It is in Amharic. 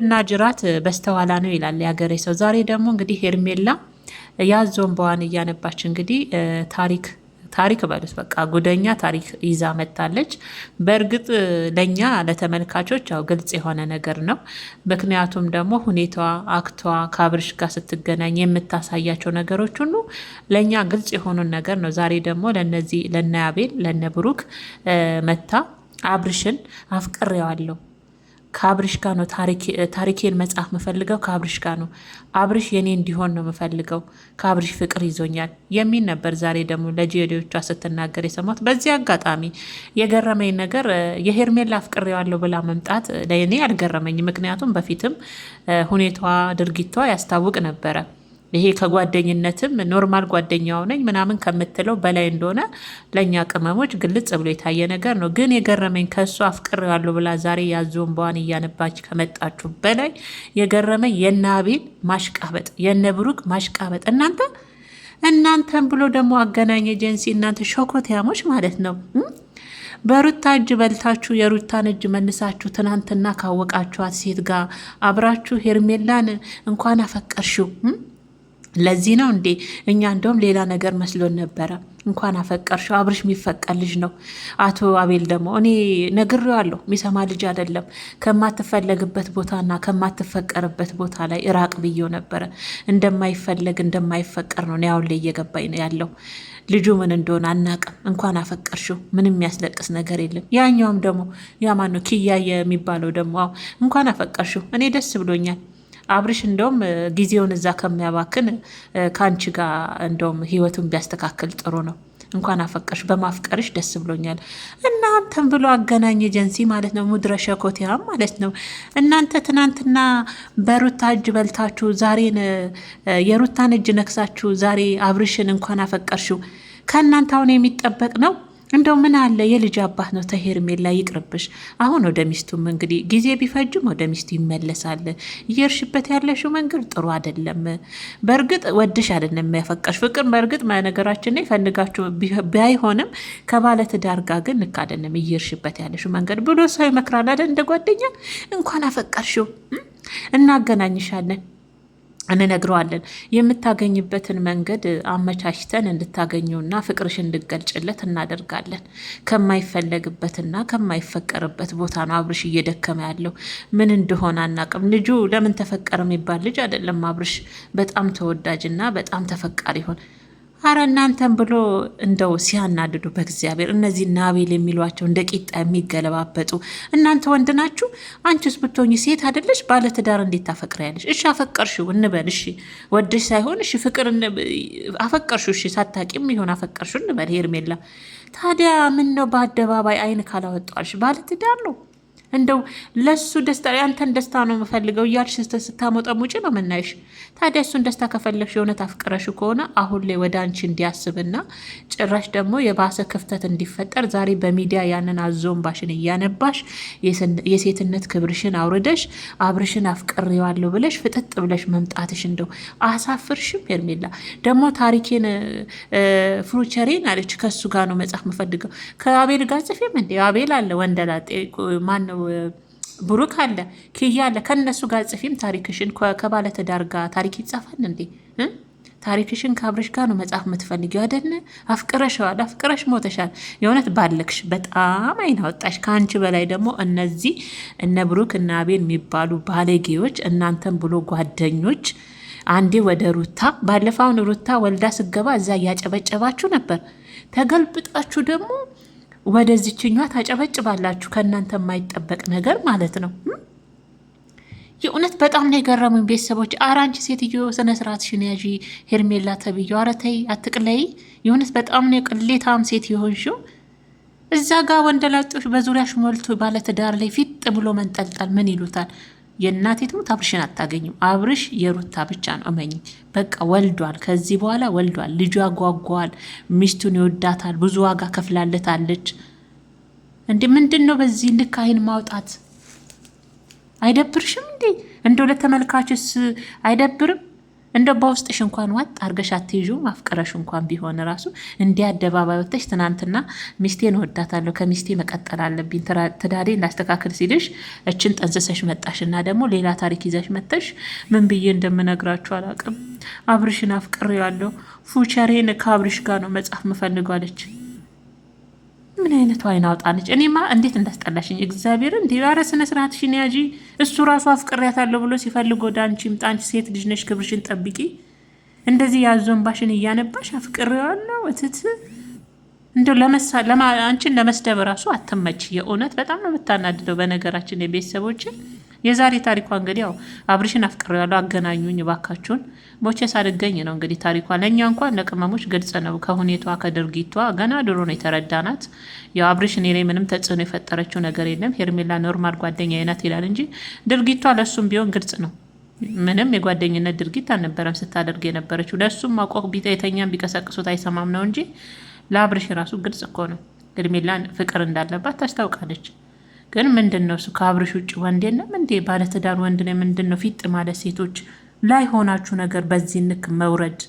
እና ጅራት በስተኋላ ነው ይላል የሀገሬ ሰው። ዛሬ ደግሞ እንግዲህ ሄርሜላ ያዞን በዋን እያነባች እንግዲህ ታሪክ ታሪክ በሉት በቃ ጉደኛ ታሪክ ይዛ መታለች። በእርግጥ ለእኛ ለተመልካቾች ያው ግልጽ የሆነ ነገር ነው። ምክንያቱም ደግሞ ሁኔታዋ፣ አክቷ ከአብርሽ ጋር ስትገናኝ የምታሳያቸው ነገሮች ሁሉ ለእኛ ግልጽ የሆኑን ነገር ነው። ዛሬ ደግሞ ለነዚህ ለነ አቤል ለነ ብሩክ መታ አብርሽን አፍቅሬዋለሁ ከአብርሽ ጋር ነው ታሪኬን መጽሐፍ የምፈልገው ከአብርሽ ጋር ነው። አብርሽ የኔ እንዲሆን ነው የምፈልገው። ከአብርሽ ፍቅር ይዞኛል የሚል ነበር። ዛሬ ደግሞ ለጄዴዎቿ ስትናገር የሰማት። በዚህ አጋጣሚ የገረመኝ ነገር የሄርሜላ አፍቅሬዋለሁ ብላ መምጣት ለእኔ አልገረመኝ። ምክንያቱም በፊትም ሁኔታዋ ድርጊቷ ያስታውቅ ነበረ። ይሄ ከጓደኝነትም ኖርማል ጓደኛው ነኝ ምናምን ከምትለው በላይ እንደሆነ ለእኛ ቅመሞች ግልጽ ብሎ የታየ ነገር ነው። ግን የገረመኝ ከእሱ አፍቅሬዋለሁ ብላ ዛሬ ያዞን በዋን እያነባች ከመጣችሁ በላይ የገረመኝ የነ አቤል ማሽቃበጥ፣ የነ ብሩክ ማሽቃበጥ። እናንተ እናንተን ብሎ ደግሞ አገናኝ ኤጀንሲ እናንተ ሸኮትያሞች ማለት ነው። በሩታ እጅ በልታችሁ የሩታን እጅ መልሳችሁ ትናንትና ካወቃችኋት ሴት ጋር አብራችሁ ሄርሜላን እንኳን አፈቀርሽው ለዚህ ነው እንዴ እኛ እንደውም ሌላ ነገር መስሎን ነበረ። እንኳን አፈቀርሽው አብርሽ የሚፈቀር ልጅ ነው። አቶ አቤል ደግሞ እኔ ነግሬዋለሁ፣ የሚሰማ ልጅ አይደለም። ከማትፈለግበት ቦታና ከማትፈቀርበት ቦታ ላይ እራቅ ብዬው ነበረ። እንደማይፈለግ እንደማይፈቀር ነው ያሁን ላይ እየገባኝ ነው ያለው። ልጁ ምን እንደሆነ አናቅም። እንኳን አፈቀርሽው ምንም የሚያስለቅስ ነገር የለም። ያኛውም ደግሞ ነው ኪያ የሚባለው ደግሞ እንኳን አፈቀርሽው እኔ ደስ ብሎኛል አብርሽ እንደውም ጊዜውን እዛ ከሚያባክን ከአንቺ ጋር እንደውም ህይወቱን ቢያስተካክል ጥሩ ነው። እንኳን አፈቀርሽ፣ በማፍቀርሽ ደስ ብሎኛል። እናንተን ብሎ አገናኝ ኤጀንሲ ማለት ነው፣ ሙድረሸ ሸኮቲያም ማለት ነው። እናንተ ትናንትና በሩታ እጅ በልታችሁ፣ ዛሬን የሩታን እጅ ነክሳችሁ፣ ዛሬ አብርሽን እንኳን አፈቀርሽው ከእናንተ አሁን የሚጠበቅ ነው እንደው ምን አለ የልጅ አባት ነው። ተሄርሜላ ይቅርብሽ። አሁን ወደ ሚስቱም እንግዲህ ጊዜ ቢፈጅም ወደ ሚስቱ ይመለሳል። እየርሽበት ያለሽው መንገድ ጥሩ አይደለም። በእርግጥ ወድሽ አይደለም የሚያፈቀሽ ፍቅር በእርግጥ ነገራችን ላይ ፈልጋችሁ ባይሆንም ከባለ ትዳር ጋር ግን ልክ አይደለም እየርሽበት ያለሽው መንገድ ብሎ ሰው ይመክራል አይደል? እንደ ጓደኛ እንኳን አፈቀርሽው እናገናኝሻለን እንነግረዋለን የምታገኝበትን መንገድ አመቻችተን እንድታገኘውና ፍቅርሽ እንድገልጭለት እናደርጋለን። ከማይፈለግበትና ከማይፈቀርበት ቦታ ነው አብርሽ እየደከመ ያለው። ምን እንደሆነ አናቅም። ልጁ ለምን ተፈቀረ የሚባል ልጅ አይደለም። አብርሽ በጣም ተወዳጅና በጣም ተፈቃሪ ይሆን አረ እናንተን ብሎ እንደው ሲያናድዱ በእግዚአብሔር እነዚህ ናቤል የሚሏቸው እንደ ቂጣ የሚገለባበጡ እናንተ ወንድ ናችሁ። አንቺስ ብትሆኝ ሴት አደለሽ? ባለትዳር እንዴት ታፈቅሪያለሽ? እሺ አፈቀርሽው እንበል። እሺ ወደሽ ሳይሆን እሺ ፍቅር አፈቀርሽው። እሺ ሳታቂም ይሆን አፈቀርሽው እንበል ሄርሜላ። ታዲያ ምን ነው በአደባባይ አይን ካላወጣሽ ባለትዳር ነው እንደው ለሱ ደስታ ያንተን ደስታ ነው የምፈልገው እያልሽ ስታሞጠሙጭ ነው የምናይሽ። ታዲያ እሱን ደስታ ከፈለግሽ የእውነት አፍቅረሽ ከሆነ አሁን ላይ ወደ አንቺ እንዲያስብና ጭራሽ ደግሞ የባሰ ክፍተት እንዲፈጠር ዛሬ በሚዲያ ያንን አዞምባሽን እያነባሽ የሴትነት ክብርሽን አውርደሽ አብርሽን አፍቅሬዋለሁ ብለሽ ፍጥጥ ብለሽ መምጣትሽ እንደው አሳፍርሽም። ሄርሜላ ደግሞ ታሪኬን ፍሩቸሬን አለች ከሱ ጋር ነው መጽሐፍ የምፈልገው ከአቤል ጋር ጽፌም እንደ አቤል አለ ወንደላጤ ማነው ማነው ብሩክ አለ ክያ አለ ከነሱ ጋር ጽፊም ታሪክሽን። ከባለትዳር ጋር ታሪክ ይጻፋል እንዴ? ታሪክሽን ከአብረሽ ጋር ነው መጽሐፍ የምትፈልጊው አይደለ? አፍቅረሸዋል፣ አፍቅረሽ ሞተሻል። የእውነት ባለክሽ፣ በጣም አይን አወጣሽ። ከአንቺ በላይ ደግሞ እነዚህ እነ ብሩክ እና አቤል የሚባሉ ባለጌዎች እናንተን ብሎ ጓደኞች አንዴ ወደ ሩታ ባለፈውን ሩታ ወልዳ ስገባ እዛ እያጨበጨባችሁ ነበር። ተገልብጣችሁ ደግሞ ወደዚችኛ ታጨበጭባላችሁ። ከእናንተ የማይጠበቅ ነገር ማለት ነው። የእውነት በጣም ነው የገረሙኝ ቤተሰቦች። ኧረ አንቺ ሴትዮ ስነ ሽንያዥ ሄርሜላ ተብዬ፣ ኧረ ተይ አትቅለይ። የእውነት በጣም ነው ቅሌታም ሴት የሆንሽው። እዛ ጋር ወንደላጦች በዙሪያሽ ሞልቶ ባለትዳር ላይ ፊጥ ብሎ መንጠልጠል ምን ይሉታል? የእናቴ ትሙት አብርሽን አታገኝም። አብርሽ የሩታ ብቻ ነው እመኝ። በቃ ወልዷል፣ ከዚህ በኋላ ወልዷል። ልጁ ያጓጓዋል፣ ሚስቱን ይወዳታል፣ ብዙ ዋጋ ከፍላለታለች። እንዴ ምንድን ነው በዚህ ልክ አይን ማውጣት አይደብርሽም እንዴ? እንደው ለተመልካችስ አይደብርም? እንደ በውስጥሽ እንኳን ዋጥ አርገሽ አትይዡ ማፍቀረሽ እንኳን ቢሆን ራሱ እንዲህ አደባባይ ወጥተሽ ትናንትና ሚስቴን ወዳታለሁ ከሚስቴ መቀጠል አለብኝ ትዳሬ እንዳስተካክል ሲልሽ እችን ጠንስሰሽ መጣሽ እና ደግሞ ሌላ ታሪክ ይዘሽ መጥተሽ ምን ብዬ እንደምነግራችሁ አላቅም። አብርሽን አፍቅሬዋለሁ፣ ፉቸሬን ከአብርሽ ጋር ነው መጽሐፍ ምፈልጓለች ምን አይነት ዋይን አውጣነች? እኔማ እንዴት እንዳስጠላሽኝ እግዚአብሔር እንዲ ኧረ ስነ ስርዓትሽን ያዢ። እሱ ራሱ አፍቅሬያታለሁ ብሎ ሲፈልግ ወደ አንቺ ይምጣ። አንቺ ሴት ልጅ ነሽ፣ ክብርሽን ጠብቂ። እንደዚህ ያዞንባሽን እያነባሽ አፍቅሬዋለሁ እትት እንዲ አንቺን ለመስደብ ራሱ አትመች። የእውነት በጣም ነው የምታናድደው። በነገራችን የቤተሰቦችን የዛሬ ታሪኳ እንግዲህ ያው አብርሽን አፍቅሬዋለሁ አገናኙኝ ባካችሁን ሞቼ ሳልገኝ ነው እንግዲህ ታሪኳ ለእኛ እንኳን ለቅመሞች ግልጽ ነው። ከሁኔቷ ከድርጊቷ ገና ድሮ ነው የተረዳናት። ያው አብርሽ እኔ ላይ ምንም ተጽዕኖ የፈጠረችው ነገር የለም ሄርሜላ ኖርማል ጓደኛ ናት ይላል እንጂ ድርጊቷ ለእሱም ቢሆን ግልጽ ነው። ምንም የጓደኝነት ድርጊት አልነበረም ስታደርግ የነበረችው። ለእሱም ቢጠ የተኛም ቢቀሰቅሱት አይሰማም ነው እንጂ ለአብርሽ ራሱ ግልጽ እኮ ነው ሄርሜላን ፍቅር እንዳለባት ታስታውቃለች። ግን ምንድን ነው እሱ ከአብርሽ ውጭ ወንድ የለም እንዴ? ባለትዳር ወንድ ነው። ምንድን ነው ፊጥ ማለት ሴቶች ላይ ሆናችሁ ነገር በዚህ ንክ መውረድ